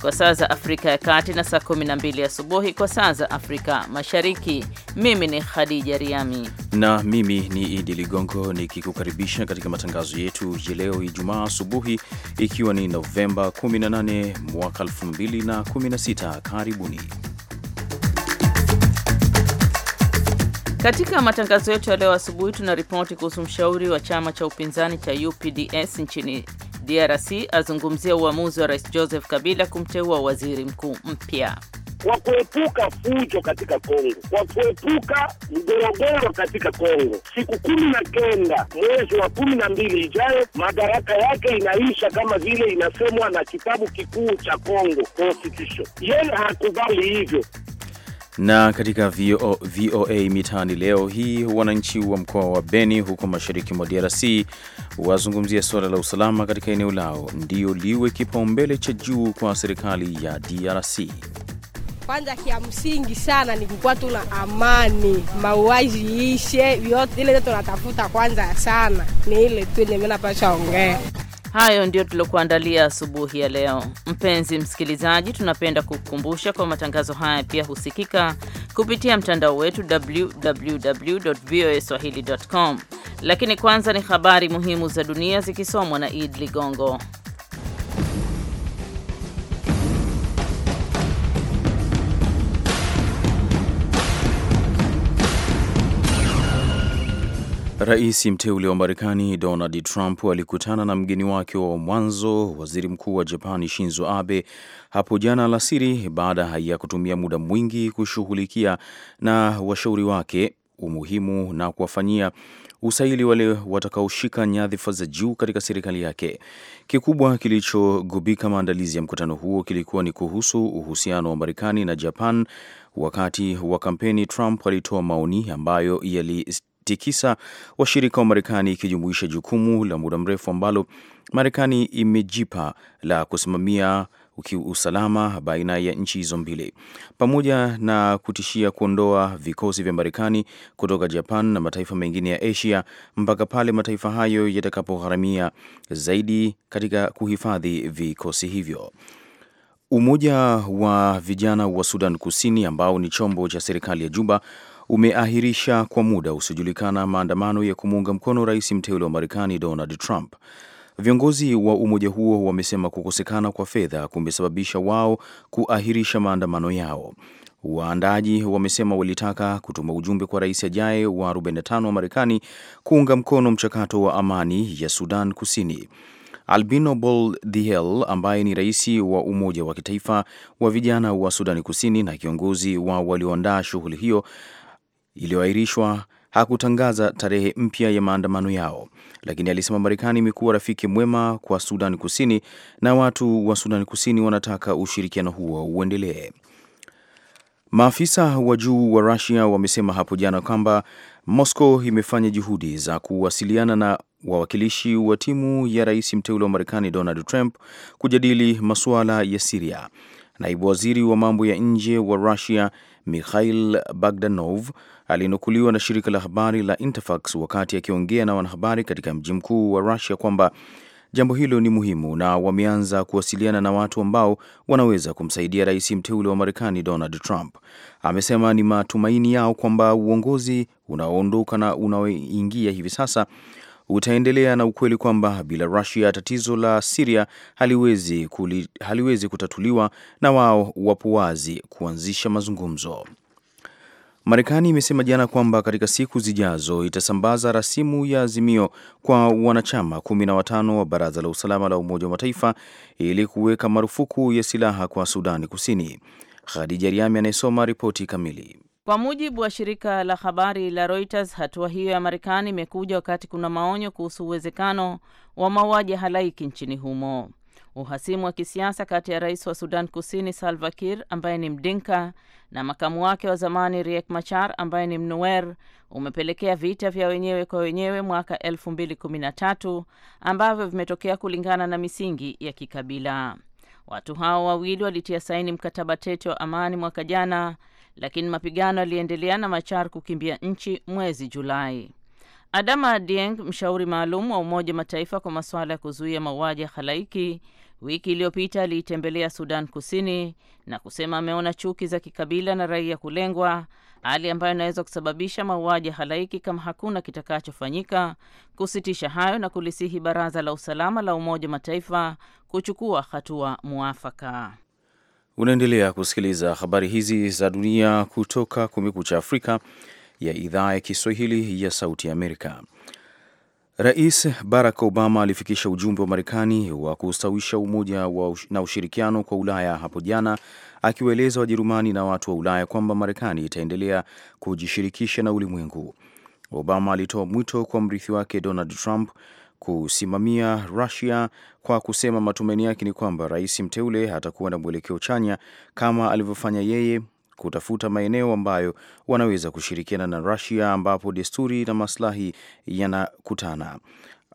kwa saa za Afrika ya Kati na saa 12 asubuhi kwa saa za Afrika Mashariki. Mimi ni Khadija Riami na mimi ni Idi Ligongo nikikukaribisha katika matangazo yetu ya leo Ijumaa asubuhi, ikiwa ni Novemba 18 mwaka 2016. Karibuni Katika matangazo yetu ya leo asubuhi tuna ripoti kuhusu mshauri wa chama cha upinzani cha UPDS nchini DRC azungumzia uamuzi wa Rais Joseph Kabila kumteua waziri mkuu mpya kwa kuepuka fujo katika Kongo, kwa kuepuka mgorogoro katika Kongo. Siku kumi na kenda mwezi wa kumi na mbili ijayo madaraka yake inaisha, kama vile inasemwa na kitabu kikuu cha Kongo, constitution. Yeye hakubali hivyo. Na katika VOA, VOA mitaani leo hii, wananchi wa mkoa wa Beni huko mashariki mwa DRC wazungumzia suala la usalama katika eneo lao ndio liwe kipaumbele cha juu kwa serikali ya DRC. Kwanza kia msingi sana ni kukuwa tuna amani, mauaji ishe, vyote ile tunatafuta kwanza sana ni ile tu, ndio mimi napasha ongea Hayo ndio tuliokuandalia asubuhi ya leo. Mpenzi msikilizaji, tunapenda kukukumbusha kwa matangazo haya pia husikika kupitia mtandao wetu www www.voaswahili.com. Lakini kwanza ni habari muhimu za dunia zikisomwa na Id Ligongo. Rais mteule wa Marekani Donald Trump alikutana na mgeni wake wa mwanzo, waziri mkuu wa Japani Shinzo Abe, hapo jana alasiri, baada ya kutumia muda mwingi kushughulikia na washauri wake umuhimu na kuwafanyia usaili wale watakaoshika nyadhifa za juu katika serikali yake. Kikubwa kilichogubika maandalizi ya mkutano huo kilikuwa ni kuhusu uhusiano wa Marekani na Japan. Wakati wa kampeni, Trump alitoa maoni ambayo yali tisa washirika wa Marekani, ikijumuisha jukumu la muda mrefu ambalo Marekani imejipa la kusimamia usalama baina ya nchi hizo mbili, pamoja na kutishia kuondoa vikosi vya Marekani kutoka Japan na mataifa mengine ya Asia mpaka pale mataifa hayo yatakapogharamia zaidi katika kuhifadhi vikosi hivyo. Umoja wa vijana wa Sudan Kusini ambao ni chombo cha serikali ya Juba umeahirisha kwa muda usiojulikana maandamano ya kumuunga mkono rais mteule wa Marekani Donald Trump. Viongozi wa umoja huo wamesema kukosekana kwa fedha kumesababisha wao kuahirisha maandamano yao. Waandaji wamesema walitaka kutuma ujumbe kwa rais ajaye wa 45 wa Marekani kuunga mkono mchakato wa amani ya Sudan Kusini. Albino Bol Dihel ambaye ni rais wa umoja wa kitaifa wa vijana wa Sudani Kusini na kiongozi wa walioandaa shughuli hiyo iliyoahirishwa hakutangaza tarehe mpya ya maandamano yao, lakini alisema Marekani imekuwa rafiki mwema kwa Sudan Kusini na watu wa Sudan Kusini wanataka ushirikiano huo uendelee. Maafisa wa juu wa Rusia wamesema hapo jana kwamba Moscow imefanya juhudi za kuwasiliana na wawakilishi wa timu ya rais mteule wa Marekani Donald Trump kujadili masuala ya Siria. Naibu waziri wa mambo ya nje wa Rusia Mikhail Bagdanov alinukuliwa na shirika la habari la Interfax wakati akiongea na wanahabari katika mji mkuu wa Russia kwamba jambo hilo ni muhimu na wameanza kuwasiliana na watu ambao wanaweza kumsaidia rais mteule wa Marekani Donald Trump. Amesema ni matumaini yao kwamba uongozi unaoondoka na unaoingia hivi sasa utaendelea na ukweli kwamba bila Russia tatizo la Siria haliwezi, haliwezi kutatuliwa na wao wapo wazi kuanzisha mazungumzo. Marekani imesema jana kwamba katika siku zijazo itasambaza rasimu ya azimio kwa wanachama kumi na watano wa Baraza la Usalama la Umoja wa Mataifa ili kuweka marufuku ya silaha kwa Sudani Kusini. Khadija Riami anayesoma ripoti kamili. Kwa mujibu wa shirika la habari la Reuters, hatua hiyo ya Marekani imekuja wakati kuna maonyo kuhusu uwezekano wa mauaji halaiki nchini humo. Uhasimu wa kisiasa kati ya rais wa Sudan Kusini Salva Kiir ambaye ni Mdinka na makamu wake wa zamani Riek Machar ambaye ni Mnuer umepelekea vita vya wenyewe kwa wenyewe mwaka 2013 ambavyo vimetokea kulingana na misingi ya kikabila. Watu hao wawili walitia saini mkataba tete wa amani mwaka jana, lakini mapigano yaliendelea na Machar kukimbia nchi mwezi Julai. Adama Dieng, mshauri maalum wa Umoja Mataifa kwa masuala ya kuzuia mauaji ya halaiki wiki iliyopita aliitembelea Sudan Kusini na kusema ameona chuki za kikabila na raia kulengwa, hali ambayo inaweza kusababisha mauaji ya halaiki kama hakuna kitakachofanyika kusitisha hayo, na kulisihi Baraza la Usalama la Umoja wa Mataifa kuchukua hatua mwafaka Unaendelea kusikiliza habari hizi za dunia kutoka Kumekucha Afrika ya idhaa ya Kiswahili ya Sauti ya Amerika. Rais Barack Obama alifikisha ujumbe wa Marekani wa kustawisha umoja ush na ushirikiano kwa Ulaya hapo jana, akiwaeleza Wajerumani na watu wa Ulaya kwamba Marekani itaendelea kujishirikisha na ulimwengu. Obama alitoa mwito kwa mrithi wake Donald Trump kusimamia rusia kwa kusema matumaini yake ni kwamba rais mteule atakuwa na mwelekeo chanya kama alivyofanya yeye kutafuta maeneo ambayo wanaweza kushirikiana na rusia ambapo desturi na maslahi yanakutana.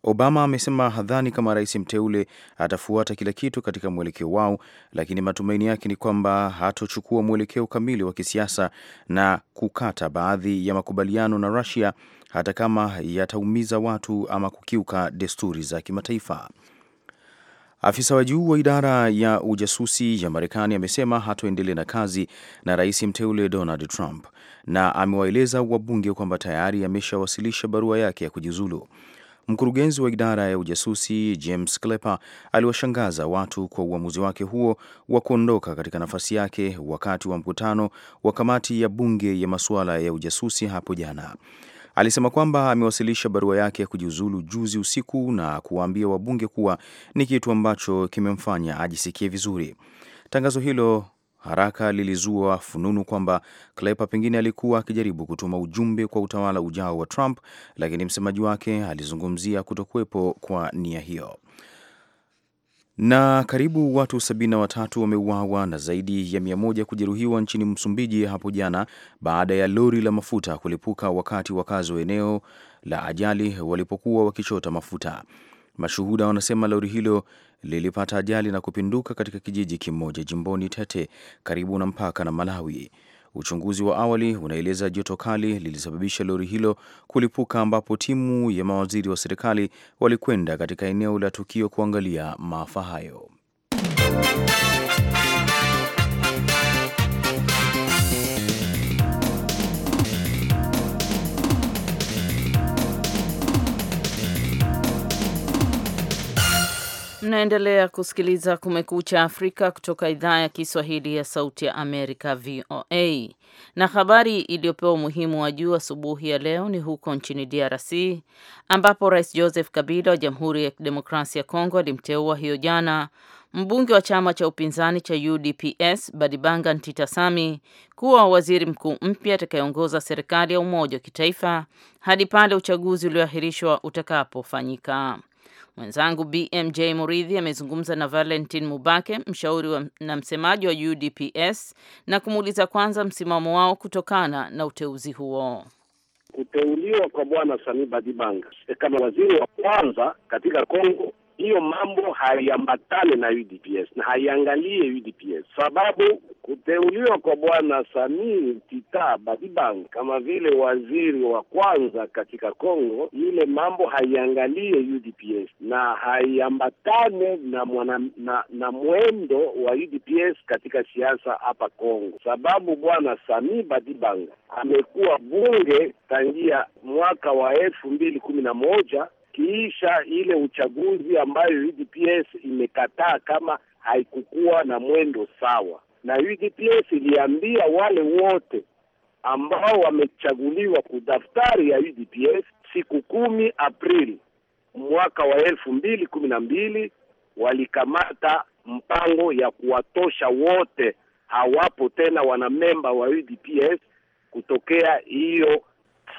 Obama amesema hadhani kama rais mteule atafuata kila kitu katika mwelekeo wao, lakini matumaini yake ni kwamba hatochukua mwelekeo kamili wa kisiasa na kukata baadhi ya makubaliano na rasia hata kama yataumiza watu ama kukiuka desturi za kimataifa. Afisa wa juu wa idara ya ujasusi ya Marekani amesema hatoendelea na kazi na rais mteule Donald Trump na amewaeleza wabunge kwamba tayari ameshawasilisha barua yake ya kujiuzulu. Mkurugenzi wa idara ya ujasusi James Clapper aliwashangaza watu kwa uamuzi wake huo wa kuondoka katika nafasi yake wakati wa mkutano wa kamati ya bunge ya masuala ya ujasusi hapo jana. Alisema kwamba amewasilisha barua yake ya kujiuzulu juzi usiku na kuwaambia wabunge kuwa ni kitu ambacho kimemfanya ajisikie vizuri. Tangazo hilo haraka lilizua fununu kwamba klepa pengine alikuwa akijaribu kutuma ujumbe kwa utawala ujao wa Trump, lakini msemaji wake alizungumzia kutokuwepo kwa nia hiyo. Na karibu watu 73 wameuawa na zaidi ya 100 kujeruhiwa nchini Msumbiji hapo jana baada ya lori la mafuta kulipuka wakati wakazi wa eneo la ajali walipokuwa wakichota mafuta. Mashuhuda wanasema lori hilo lilipata ajali na kupinduka katika kijiji kimoja jimboni Tete karibu na mpaka na Malawi. Uchunguzi wa awali unaeleza joto kali lilisababisha lori hilo kulipuka, ambapo timu ya mawaziri wa serikali walikwenda katika eneo la tukio kuangalia maafa hayo. Mnaendelea kusikiliza Kumekucha Afrika kutoka idhaa ya Kiswahili ya Sauti ya Amerika, VOA. Na habari iliyopewa umuhimu wa juu asubuhi ya leo ni huko nchini DRC ambapo Rais Joseph Kabila wa Jamhuri ya Kidemokrasia ya Kongo alimteua hiyo jana mbunge wa chama cha upinzani cha UDPS Badibanga Ntitasami kuwa waziri mkuu mpya atakayeongoza serikali ya umoja wa kitaifa hadi pale uchaguzi ulioahirishwa utakapofanyika. Mwenzangu BMJ Muridhi amezungumza na Valentin Mubake, mshauri na msemaji wa UDPS na kumuuliza kwanza msimamo wao kutokana na uteuzi huo. Kuteuliwa kwa Bwana Sami Badibanga eh, kama waziri wa kwanza katika Kongo hiyo mambo haiambatane na UDPS na haiangalie UDPS, sababu kuteuliwa kwa bwana Samii Tita Badibang kama vile waziri wa kwanza katika Kongo, ile mambo haiangalie UDPS na haiambatane na, na na mwendo wa UDPS katika siasa hapa Kongo, sababu bwana Samii Badibang amekuwa bunge tangia mwaka wa elfu mbili kumi na moja kiisha ile uchaguzi ambayo UDPS imekataa kama haikukuwa na mwendo sawa, na UDPS iliambia wale wote ambao wamechaguliwa kudaftari ya UDPS siku kumi Aprili mwaka wa elfu mbili kumi na mbili walikamata mpango ya kuwatosha wote, hawapo tena wanamemba wa UDPS kutokea hiyo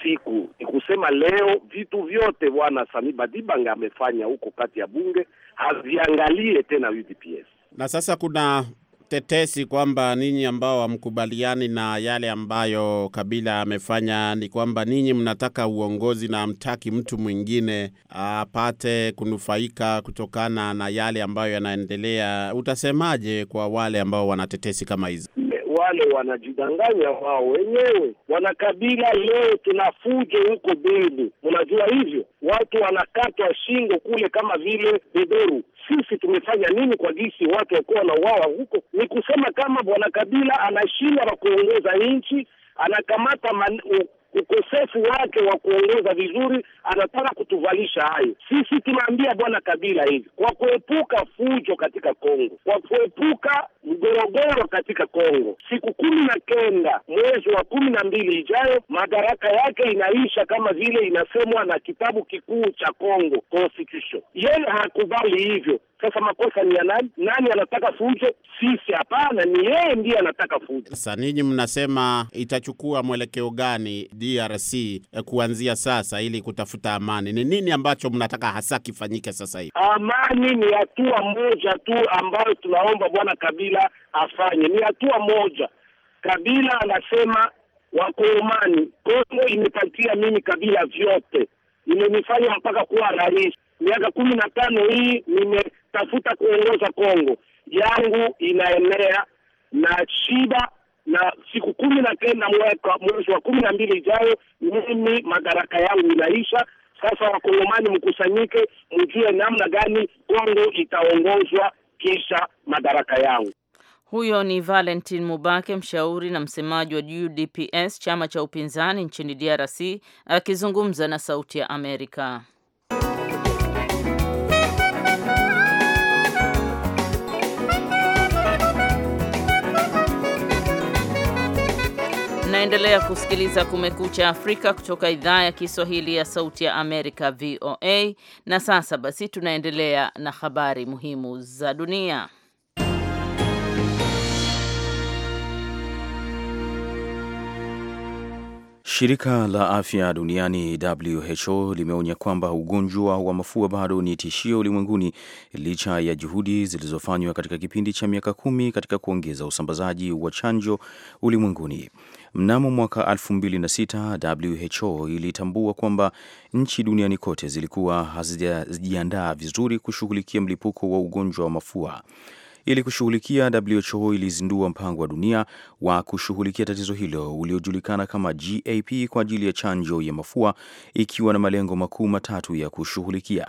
siku ni kusema leo vitu vyote bwana Sami Badibanga amefanya huko kati ya bunge haziangalie tena UDPS. Na sasa kuna tetesi kwamba ninyi ambao hamkubaliani na yale ambayo Kabila amefanya ni kwamba ninyi mnataka uongozi na hamtaki mtu mwingine apate kunufaika kutokana na yale ambayo yanaendelea. Utasemaje kwa wale ambao wanatetesi kama hizi wale wanajidanganya wao wenyewe. Wanakabila leo fujo huko Beni, mnajua hivyo, watu wanakatwa shingo kule kama vile beberu. Sisi tumefanya nini kwa jisi watu wakuwa na wawa huko? Ni kusema kama bwana Kabila anashinda na kuongoza nchi, anakamata man ukosefu wake wa kuongoza vizuri, anataka kutuvalisha hayo. Sisi tunaambia bwana Kabila hivi, kwa kuepuka fujo katika Kongo, kwa kuepuka mgorogoro katika Kongo. Siku kumi na kenda mwezi wa kumi na mbili ijayo madaraka yake inaisha, kama vile inasemwa na kitabu kikuu cha Kongo Constitution. Yeye hakubali hivyo. Sasa makosa ni ya nani? Nani anataka fujo? Sisi hapana, ni yeye ndiye anataka fujo. Sasa ninyi mnasema itachukua mwelekeo gani DRC eh, kuanzia sasa ili kutafuta amani? Ni nini ambacho mnataka hasa kifanyike sasa hivi? Amani ni hatua moja tu ambayo tunaomba Bwana Kabila Kabila afanye. Ni hatua moja. Kabila anasema Wakongomani, Kongo imepatia mimi Kabila vyote, imenifanya mpaka kuwa rais. Miaka kumi na tano hii nimetafuta kuongoza Kongo yangu inaenea na shiba na siku kumi na kenda mwaka mwezi wa kumi na mbili ijayo mimi madaraka yangu inaisha. Sasa Wakongomani mkusanyike, mjue namna gani Kongo itaongozwa kisha madaraka yangu. Huyo ni Valentin Mubake, mshauri na msemaji wa UDPS, chama cha upinzani nchini DRC, akizungumza na Sauti ya Amerika. Naendelea kusikiliza Kumekucha Afrika kutoka idhaa ya Kiswahili ya Sauti ya Amerika, VOA. Na sasa basi, tunaendelea na habari muhimu za dunia. Shirika la afya duniani WHO limeonya kwamba ugonjwa wa mafua bado ni tishio ulimwenguni licha ya juhudi zilizofanywa katika kipindi cha miaka kumi katika kuongeza usambazaji wa chanjo ulimwenguni. Mnamo mwaka 2006 WHO ilitambua kwamba nchi duniani kote zilikuwa hazijajiandaa vizuri kushughulikia mlipuko wa ugonjwa wa mafua ili kushughulikia. WHO ilizindua mpango wa dunia wa kushughulikia tatizo hilo uliojulikana kama GAP kwa ajili ya chanjo ya mafua, ikiwa na malengo makuu matatu ya kushughulikia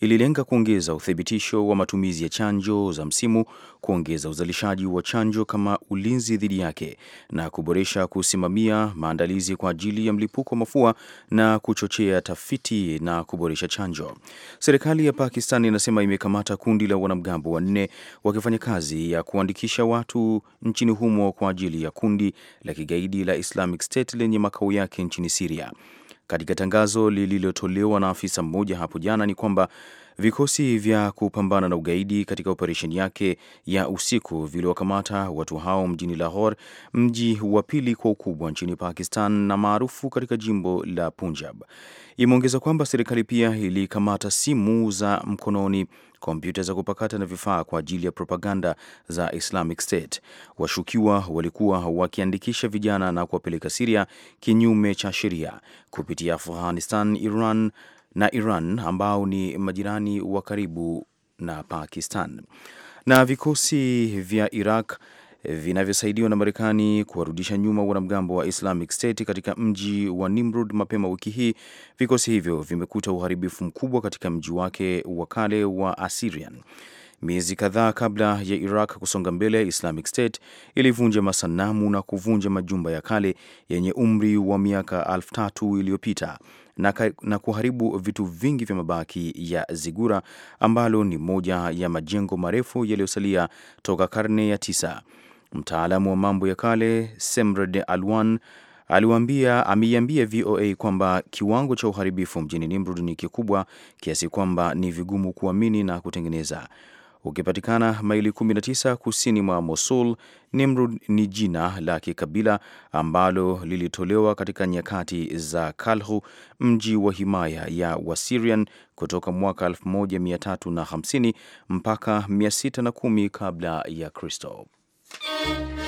ililenga kuongeza uthibitisho wa matumizi ya chanjo za msimu, kuongeza uzalishaji wa chanjo kama ulinzi dhidi yake, na kuboresha kusimamia maandalizi kwa ajili ya mlipuko mafua na kuchochea tafiti na kuboresha chanjo. Serikali ya Pakistan inasema imekamata kundi la wanamgambo wanne wakifanya kazi ya kuandikisha watu nchini humo kwa ajili ya kundi la kigaidi la Islamic State lenye makao yake nchini Siria. Katika tangazo lililotolewa na afisa mmoja hapo jana ni kwamba vikosi vya kupambana na ugaidi katika operesheni yake ya usiku viliwakamata watu hao mjini Lahore, mji wa pili kwa ukubwa nchini Pakistan na maarufu katika jimbo la Punjab. Imeongeza kwamba serikali pia ilikamata simu za mkononi kompyuta za kupakata na vifaa kwa ajili ya propaganda za Islamic State. Washukiwa walikuwa wakiandikisha vijana na kuwapeleka Siria kinyume cha sheria kupitia Afghanistan, Iran na Iran ambao ni majirani wa karibu na Pakistan. Na vikosi vya Iraq vinavyosaidiwa na Marekani kuwarudisha nyuma wanamgambo wa Islamic State katika mji wa Nimrud mapema wiki hii. Vikosi hivyo vimekuta uharibifu mkubwa katika mji wake wa kale wa Assyrian. Miezi kadhaa kabla ya Iraq kusonga mbele, Islamic State ilivunja masanamu na kuvunja majumba ya kale yenye umri wa miaka elfu tatu iliyopita na, na kuharibu vitu vingi vya mabaki ya Zigura ambalo ni moja ya majengo marefu yaliyosalia toka karne ya tisa. Mtaalamu wa mambo ya kale Semred Alwan aliwaambia ameiambia VOA kwamba kiwango cha uharibifu mjini Nimrud ni kikubwa kiasi kwamba ni vigumu kuamini na kutengeneza. Ukipatikana maili 19 kusini mwa Mosul, Nimrud ni jina la kikabila ambalo lilitolewa katika nyakati za Kalhu, mji wa himaya ya Wasirian kutoka mwaka 1350 mpaka 610 kabla ya Kristo. Música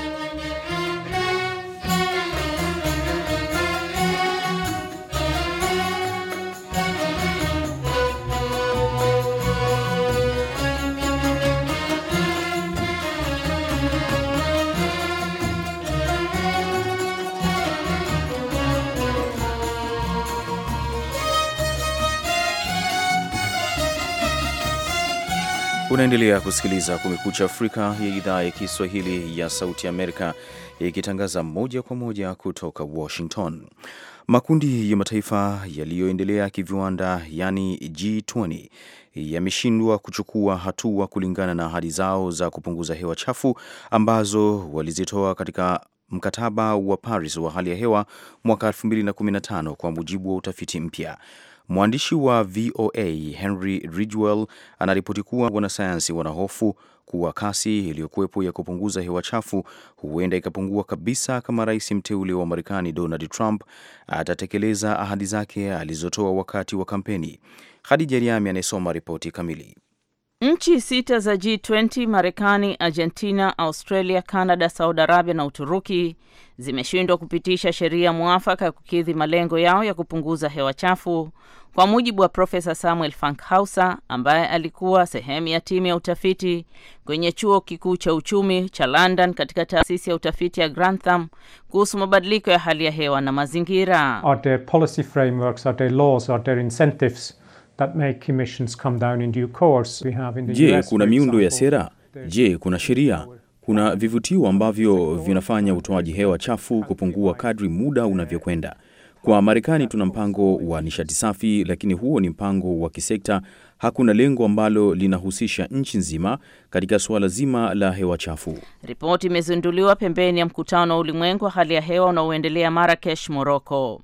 Unaendelea kusikiliza Kumekucha Afrika ya idhaa ya Kiswahili ya Sauti Amerika ikitangaza moja kwa moja kutoka Washington. Makundi ya mataifa yaliyoendelea kiviwanda, yani G20, yameshindwa kuchukua hatua kulingana na ahadi zao za kupunguza hewa chafu ambazo walizitoa katika mkataba wa Paris wa hali ya hewa mwaka 2015 kwa mujibu wa utafiti mpya. Mwandishi wa VOA Henry Ridgwell anaripoti kuwa wanasayansi wanahofu kuwa kasi iliyokuwepo ya kupunguza hewa chafu huenda ikapungua kabisa kama rais mteule wa Marekani Donald Trump atatekeleza ahadi zake alizotoa wakati wa kampeni. Hadija Riami anayesoma ripoti kamili. Nchi sita za G20 Marekani, Argentina, Australia, Canada, Saudi Arabia na Uturuki zimeshindwa kupitisha sheria mwafaka ya kukidhi malengo yao ya kupunguza hewa chafu, kwa mujibu wa Profesa Samuel Fankhauser ambaye alikuwa sehemu ya timu ya utafiti kwenye chuo kikuu cha uchumi cha London katika taasisi ya utafiti ya Grantham kuhusu mabadiliko ya hali ya hewa na mazingira. Are there policy frameworks, are there laws, are there incentives Je, kuna miundo ya sera? Je, kuna sheria? Kuna vivutio ambavyo vinafanya utoaji hewa chafu kupungua kadri muda unavyokwenda. Kwa Marekani tuna mpango wa nishati safi, lakini huo ni mpango wa kisekta. Hakuna lengo ambalo linahusisha nchi nzima katika suala zima la hewa chafu. Ripoti imezinduliwa pembeni ya mkutano wa ulimwengu wa hali ya hewa unaoendelea Marrakesh, Moroko.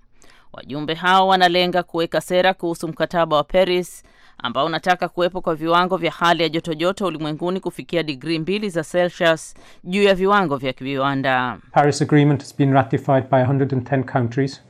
Wajumbe hao wanalenga kuweka sera kuhusu mkataba wa Paris ambao unataka kuwepo kwa viwango vya hali ya joto joto ulimwenguni kufikia digrii mbili za Celsius juu ya viwango vya kiviwanda. Paris agreement has been ratified by 110 countries.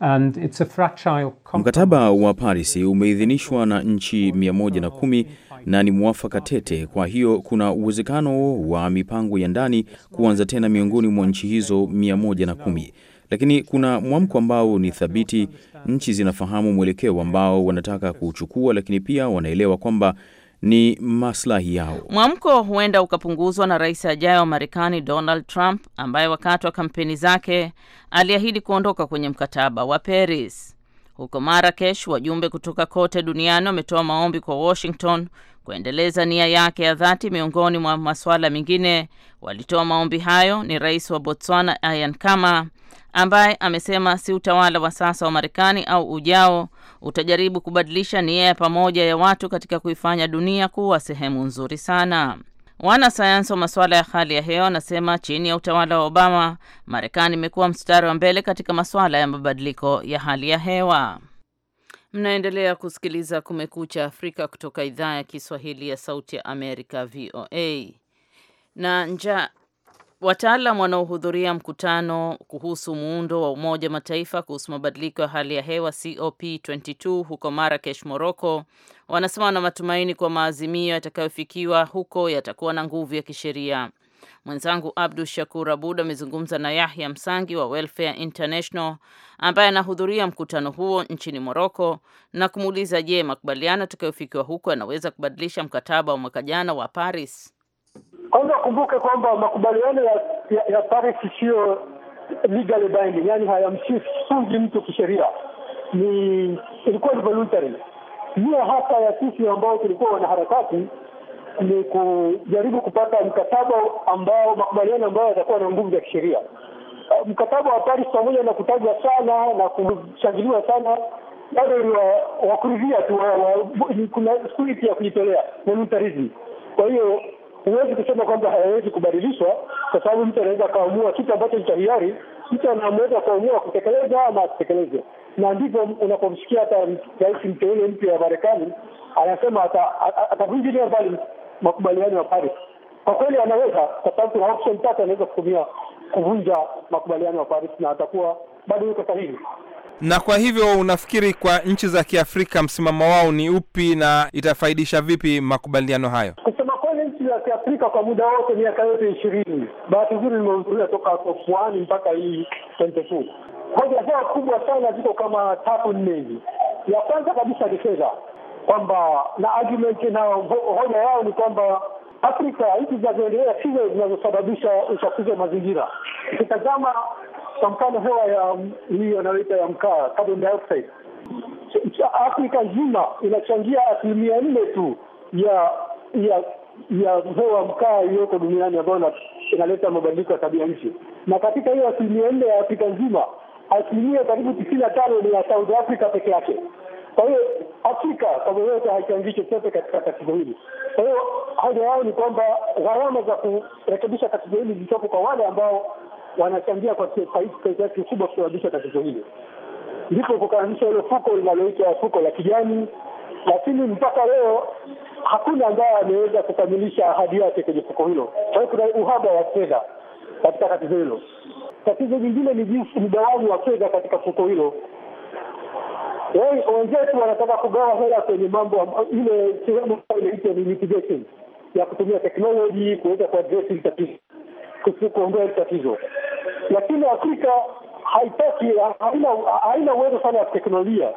And it's a fragile... Mkataba wa Paris umeidhinishwa na nchi 110 na ni mwafaka tete. Kwa hiyo kuna uwezekano wa mipango ya ndani kuanza tena miongoni mwa nchi hizo 110 lakini kuna mwamko ambao ni thabiti. Nchi zinafahamu mwelekeo ambao wanataka kuchukua, lakini pia wanaelewa kwamba ni maslahi yao. Mwamko huenda ukapunguzwa na rais ajaye wa Marekani Donald Trump, ambaye wakati wa kampeni zake aliahidi kuondoka kwenye mkataba wa Paris. Huko Marakesh, wajumbe kutoka kote duniani wametoa maombi kwa Washington kuendeleza nia yake ya dhati. Miongoni mwa masuala mengine walitoa maombi hayo ni rais wa Botswana Ian Khama ambaye amesema si utawala wa sasa wa Marekani au ujao utajaribu kubadilisha nia ya pamoja ya watu katika kuifanya dunia kuwa sehemu nzuri sana. Wanasayansi wa masuala ya hali ya hewa wanasema chini ya utawala wa Obama, Marekani imekuwa mstari wa mbele katika masuala ya mabadiliko ya hali ya hewa. Mnaendelea kusikiliza Kumekucha Afrika kutoka idhaa ya Kiswahili ya Sauti ya Amerika, VOA. Na nja wataalam wanaohudhuria mkutano kuhusu muundo wa Umoja wa Mataifa kuhusu mabadiliko ya hali ya hewa COP22 huko Marakesh, Moroko, wanasema wana matumaini kwa maazimio yatakayofikiwa huko yatakuwa na nguvu ya kisheria. Mwenzangu Abdu Shakur Abud amezungumza na Yahya Msangi wa Welfare International ambaye anahudhuria mkutano huo nchini Moroko na kumuuliza, je, makubaliano atakayofikiwa huko yanaweza kubadilisha mkataba wa mwaka jana wa Paris? Kwanza kumbuke kwamba makubaliano ya, ya, ya Paris siyo legally binding, yani hayamfungi mtu kisheria, ni ilikuwa ni voluntary. Nia hasa ya sisi ambao tulikuwa wanaharakati ni kujaribu kupata mkataba ambao, makubaliano ambayo yatakuwa na nguvu za kisheria. Uh, mkataba wa Paris pamoja na kutajwa sana na kushangiliwa sana bado ni wakuridhia tu, kuna spirit ya kujitolea voluntarism. Kwa hiyo huwezi kusema kwamba hayawezi kubadilishwa, kwa sababu mtu anaweza akaamua kitu ambacho ni cha hiari, mtu anaweza kuamua kutekeleza ama asitekeleze, na ndivyo unapomsikia hata rais mteule mpya wa Marekani anasema atavunjilia mbali makubaliano ya Paris. Kwa kweli anaweza, kwa sababu kuna option tatu anaweza kutumia kuvunja makubaliano ya Paris na atakuwa bado yuko sahihi. Na kwa hivyo unafikiri kwa nchi za Kiafrika msimamo wao ni upi na itafaidisha vipi makubaliano hayo? Kusema kweli, nchi za Kiafrika kwa muda wote, miaka yote ishirini, bahati nzuri nimehudhuria toka sofuani mpaka hii hoja zao kubwa sana ziko kama tatu nne hivi. Ya kwanza kabisa ni fedha kwamba na argument na hoja yao ni kwamba Afrika nchi zinazoendelea sizo zinazosababisha uchafuzi wa mazingira. Ukitazama kwa mfano hewa ya hii wanayoita ya mkaa, carbon dioxide, Afrika nzima inachangia asilimia nne tu ya ya ya hewa mkaa iliyoko duniani ambayo inaleta mabadiliko ya tabia nchi, na katika hiyo asilimia nne ya Afrika nzima, asilimia karibu tisini na tano ni ya South Africa peke yake. Kwa hiyo Afrika kwa vyovyote haichangia chochote katika tatizo hili. Kwa hiyo hoja yao ni kwamba gharama za kurekebisha tatizo hili zitoko kwa wale ambao wanachangia kwa kiasi kikubwa kusababisha tatizo hili, ndipo kukaanzisha ilo fuko linaloitwa fuko la kijani, lakini mpaka leo hakuna ambaye ameweza kukamilisha ahadi yake kwenye fuko hilo. Kwa hiyo kuna uhaba wa fedha katika tatizo hilo. Tatizo jingine ni jinsi mgawanyo wa fedha katika fuko hilo hey, yaani, wenzetu wanataka kugawa hela kwenye mambo ile sehemu ambayo inaitwa mitigation ya kutumia teknoloji kuweza kuadress hili tatizo, kuondoa hili tatizo, lakini Afrika haitaki, haina haina uwezo sana wa teknolojia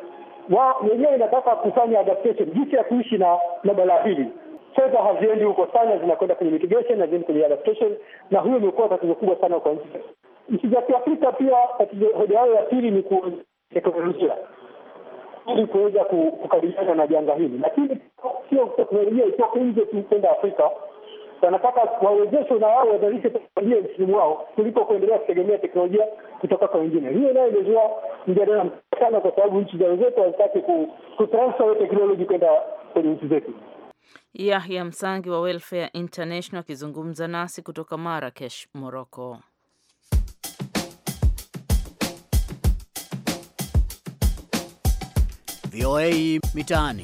wa wenyewe inataka kufanya adaptation jinsi ya kuishi na na balaa hili. Fedha haziendi huko sana, zinakwenda kwenye mitigation, na haziendi kwenye adaptation, na huyo imekuwa tatizo kubwa sana kwa nchi nchi za Kiafrika. Pia hoja yao ya pili ni kuonja teknolojia ili kuweza kukabiliana na janga hili, lakini sio teknolojia itoke nje tu kwenda Afrika. Wanataka wawezeshwe na wao wazalishe teknolojia nchini wao kuliko kuendelea kutegemea teknolojia kutoka kwa wengine. Hiyo nayo imezua mjadala sana, kwa sababu nchi za wenzetu hazitaki kutransfer teknoloji kwenda kwenye nchi zetu. Yahya Msangi wa Welfare International akizungumza nasi kutoka Marrakesh, Morocco. VOA Mitaani.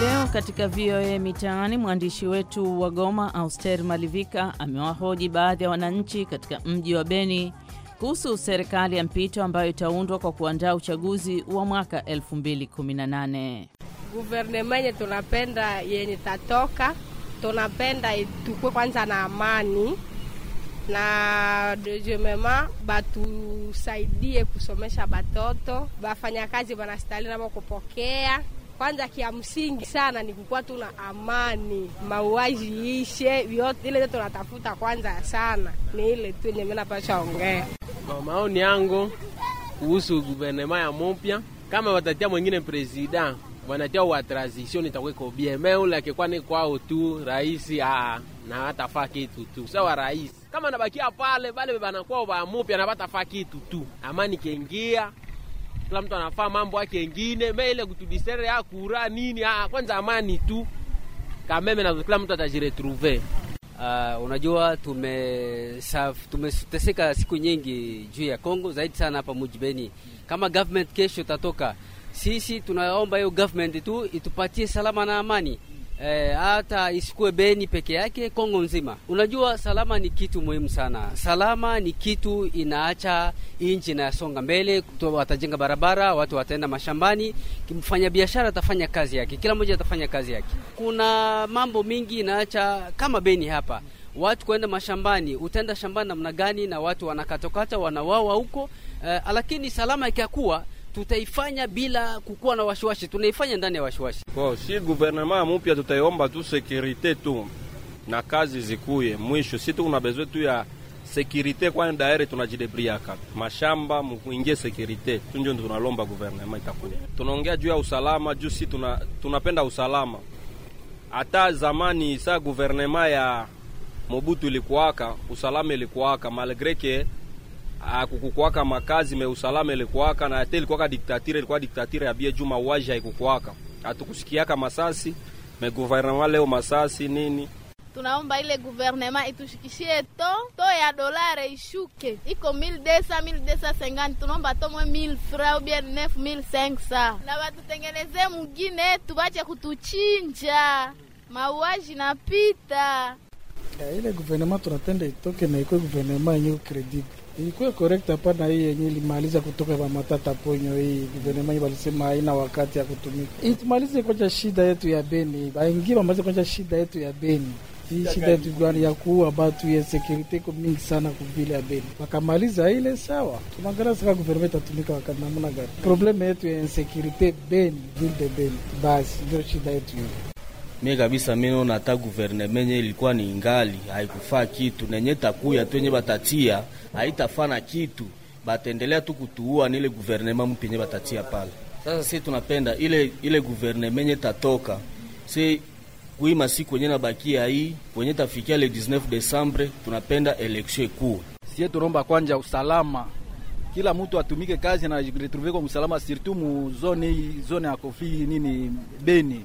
Leo katika VOA Mitaani, mwandishi wetu wa Goma, Auster Malivika, amewahoji baadhi ya wananchi katika mji wa Beni kuhusu serikali ya mpito ambayo itaundwa kwa kuandaa uchaguzi wa mwaka 2018. Guvernema yenye tunapenda yenye tatoka, tunapenda tukue kwanza na amani na deuxiemement batusaidie kusomesha batoto. Bafanyakazi banastahili nabo kupokea kwanza kia msingi sana ni kukuwa tu na amani, mauaji ishe, vyote ile tunatafuta kwanza sana ni ile tu yenye minapasha ongea. Maoni yangu kuhusu guvernema ya mupya, kama watatia mwengine presida wanatia wa transition itakweko bien, me ule akikuwa ni kwao tu rais aa ah, na hatafaa kitu tu sawa raisi kama nabakia pale bale banakuwa bamupi anapata fa kitu tu. Amani kiingia kila mtu anafaa mambo yake ingine, ile kutudisere ya kura nini. Ah, kwanza amani tu kameme na kila mtu atajiretrouver. Uh, ah, unajua tumeteseka siku nyingi juu ya Kongo, zaidi sana hapa Mujibeni. Kama government kesho tatoka, sisi tunaomba hiyo government tu itupatie salama na amani Eh, hata isikue isikuwe Beni peke yake, Kongo nzima. Unajua, salama ni kitu muhimu sana. Salama ni kitu inaacha inchi inayasonga mbele. Watajenga barabara, watu wataenda mashambani, mfanyabiashara atafanya kazi yake, kila mmoja atafanya kazi yake. Kuna mambo mingi inaacha kama Beni hapa watu kwenda mashambani, utaenda shambani namna gani? Na watu wanakatokata wanawawa huko, eh, lakini salama ikakuwa tutaifanya bila kukuwa na washiwashi, tunaifanya ndani ya wasiwasi. Kwa si guvernema mupya, tutaiomba tu sekirite tu na kazi zikuye mwisho, si tu tuna bezwe tu ya sekirite, kwani daere tunajidebriaka mashamba muingie sekirite tu, ndo tunalomba guvernema itakuya. Tunaongea juu ya usalama juu si tuna, tunapenda usalama. Hata zamani saa guvernema ya Mobutu ilikuwaka usalama ilikuwaka malgreke akukukwaka makazi meusalama ilikuwaka na ate ilikuwaka diktatire, ilikuwa diktatire ya bie juma waja ikukwaka, hatukusikiaka masasi meguvernema leo masasi nini. Tunaomba ile guvernema itushikishie to to ya dolare ishuke, iko 1200 1250, tunaomba mwe 1000 francs bien 9500, na batutengeneze mugine, tubache kutuchinja mauaji napita. Eh, ile guvernema tunatenda itoke na iko guvernema yenye credible ilikuwa correct. Hapana, hii yenye ilimaliza kutoka kwa matata ponyo, hii guvernema walisema haina wakati ya kutumika, itumalize kwanza shida yetu ya Beni, baingie bamalize kwanza shida yetu ya Beni. Hii shida yetu gani ya kuua batu ya sekurite iko mingi sana kuvile ya Beni, wakamaliza ile sawa, tunaangalia saka guvernema itatumika wakati namna gani. Probleme yetu ya insekurite Beni, ville de Beni, basi ndio shida yetu hiyo. Mie kabisa minona hata guvernemenye ilikuwa ni ngali haikufaa kitu nenye takuya tu twenye batatia haitafana kitu, bataendelea tu kutuua nile guvernema mpenye batatia pale. Sasa si tunapenda ile ile guvernema yenye tatoka si kuima kwenye na nabakia hii kwenye tafikia le 19 Desembre, tunapenda election kuu. Sie tunaomba kwanja usalama, kila mtu atumike kazi na retrouver kwa usalama, surtout mu zone zone ya kofi nini Beni,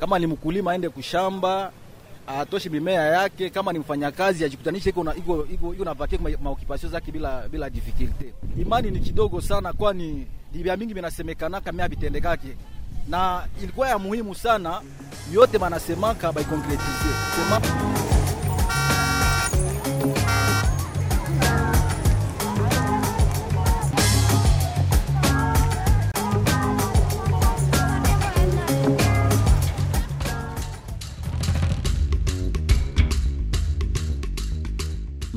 kama ni mkulima aende kushamba atoshe mimea yake, kama ni mfanyakazi ajikutanishe iko na iko iko na vakie maokipasio zake bila bila difficulty. Imani ni kidogo sana, kwani vya mingi vinasemekana kama vitendekake, na ilikuwa ya muhimu sana yote manasemaka baikonkretize sema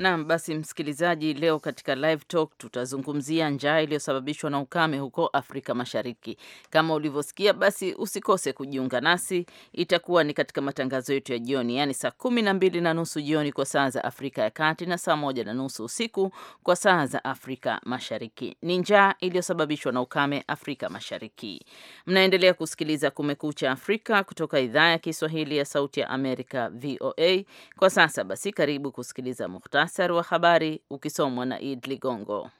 Naam, basi msikilizaji, leo katika live talk tutazungumzia njaa iliyosababishwa na ukame huko Afrika Mashariki. Kama ulivyosikia, basi usikose kujiunga nasi, itakuwa ni katika matangazo yetu ya jioni, yaani saa kumi na mbili na nusu jioni kwa saa za Afrika ya Kati na saa moja na nusu usiku kwa saa za Afrika Mashariki. Ni njaa iliyosababishwa na ukame Afrika Mashariki. Mnaendelea kusikiliza Kumekucha Afrika kutoka idhaa ya Kiswahili ya Sauti ya Amerika, VOA. Kwa sasa basi, karibu kusikiliza muhtasari Muhtasari wa habari ukisomwa na Id Ligongo.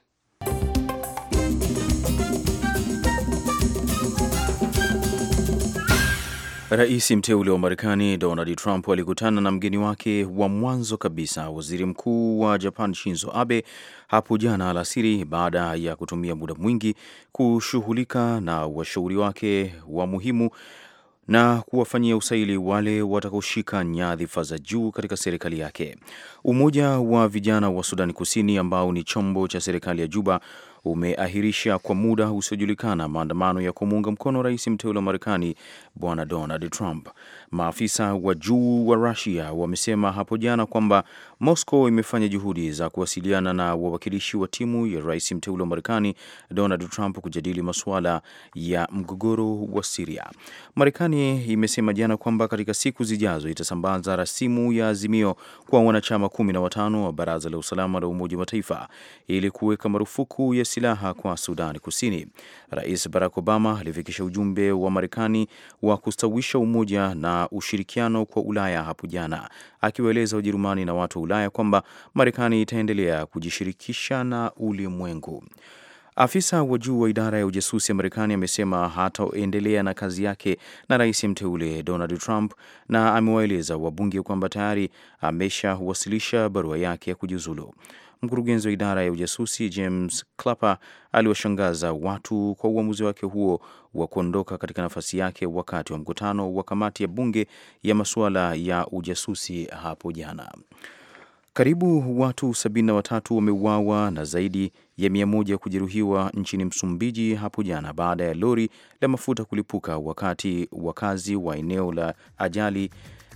Rais mteule wa Marekani Donald Trump alikutana na mgeni wake wa mwanzo kabisa, waziri mkuu wa Japan Shinzo Abe hapo jana alasiri, baada ya kutumia muda mwingi kushughulika na washauri wake wa muhimu na kuwafanyia usaili wale watakaoshika nyadhifa za juu katika serikali yake. Umoja wa vijana wa Sudani Kusini ambao ni chombo cha serikali ya Juba umeahirisha kwa muda usiojulikana maandamano ya kumuunga mkono rais mteule wa Marekani Bwana Donald Trump. Maafisa wa juu wa Rusia wamesema hapo jana kwamba Moscow imefanya juhudi za kuwasiliana na wawakilishi wa timu ya rais mteule wa Marekani Donald Trump kujadili masuala ya mgogoro wa Siria. Marekani imesema jana kwamba katika siku zijazo itasambaza rasimu ya azimio kwa wanachama kumi na watano wa Baraza la Usalama la Umoja wa Mataifa ili kuweka marufuku ya silaha kwa Sudani Kusini. Rais Barack Obama alifikisha ujumbe wa Marekani wa kustawisha umoja na ushirikiano kwa Ulaya hapo jana, akiwaeleza Wajerumani na watu wa Ulaya kwamba Marekani itaendelea kujishirikisha na ulimwengu. Afisa wa juu wa idara ya ujasusi ya Marekani amesema hataendelea na kazi yake na rais mteule Donald Trump, na amewaeleza wabunge kwamba tayari ameshawasilisha barua yake ya kujiuzulu. Mkurugenzi wa idara ya ujasusi James Clapper aliwashangaza watu kwa uamuzi wake huo wa kuondoka katika nafasi yake wakati wa mkutano wa kamati ya bunge ya masuala ya ujasusi hapo jana. Karibu watu sabini na watatu wameuawa na zaidi ya mia moja kujeruhiwa nchini Msumbiji hapo jana baada ya lori la mafuta kulipuka wakati wakazi wa eneo la ajali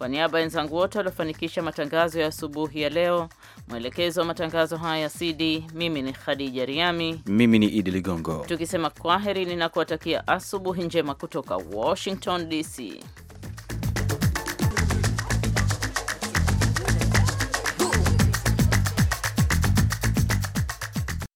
Kwa niaba ya wenzangu wote waliofanikisha matangazo ya asubuhi ya leo, mwelekezo wa matangazo haya CD, mimi ni Khadija Riami, mimi ni Idi Ligongo, tukisema kwaheri ninakuwatakia asubuhi njema kutoka Washington DC.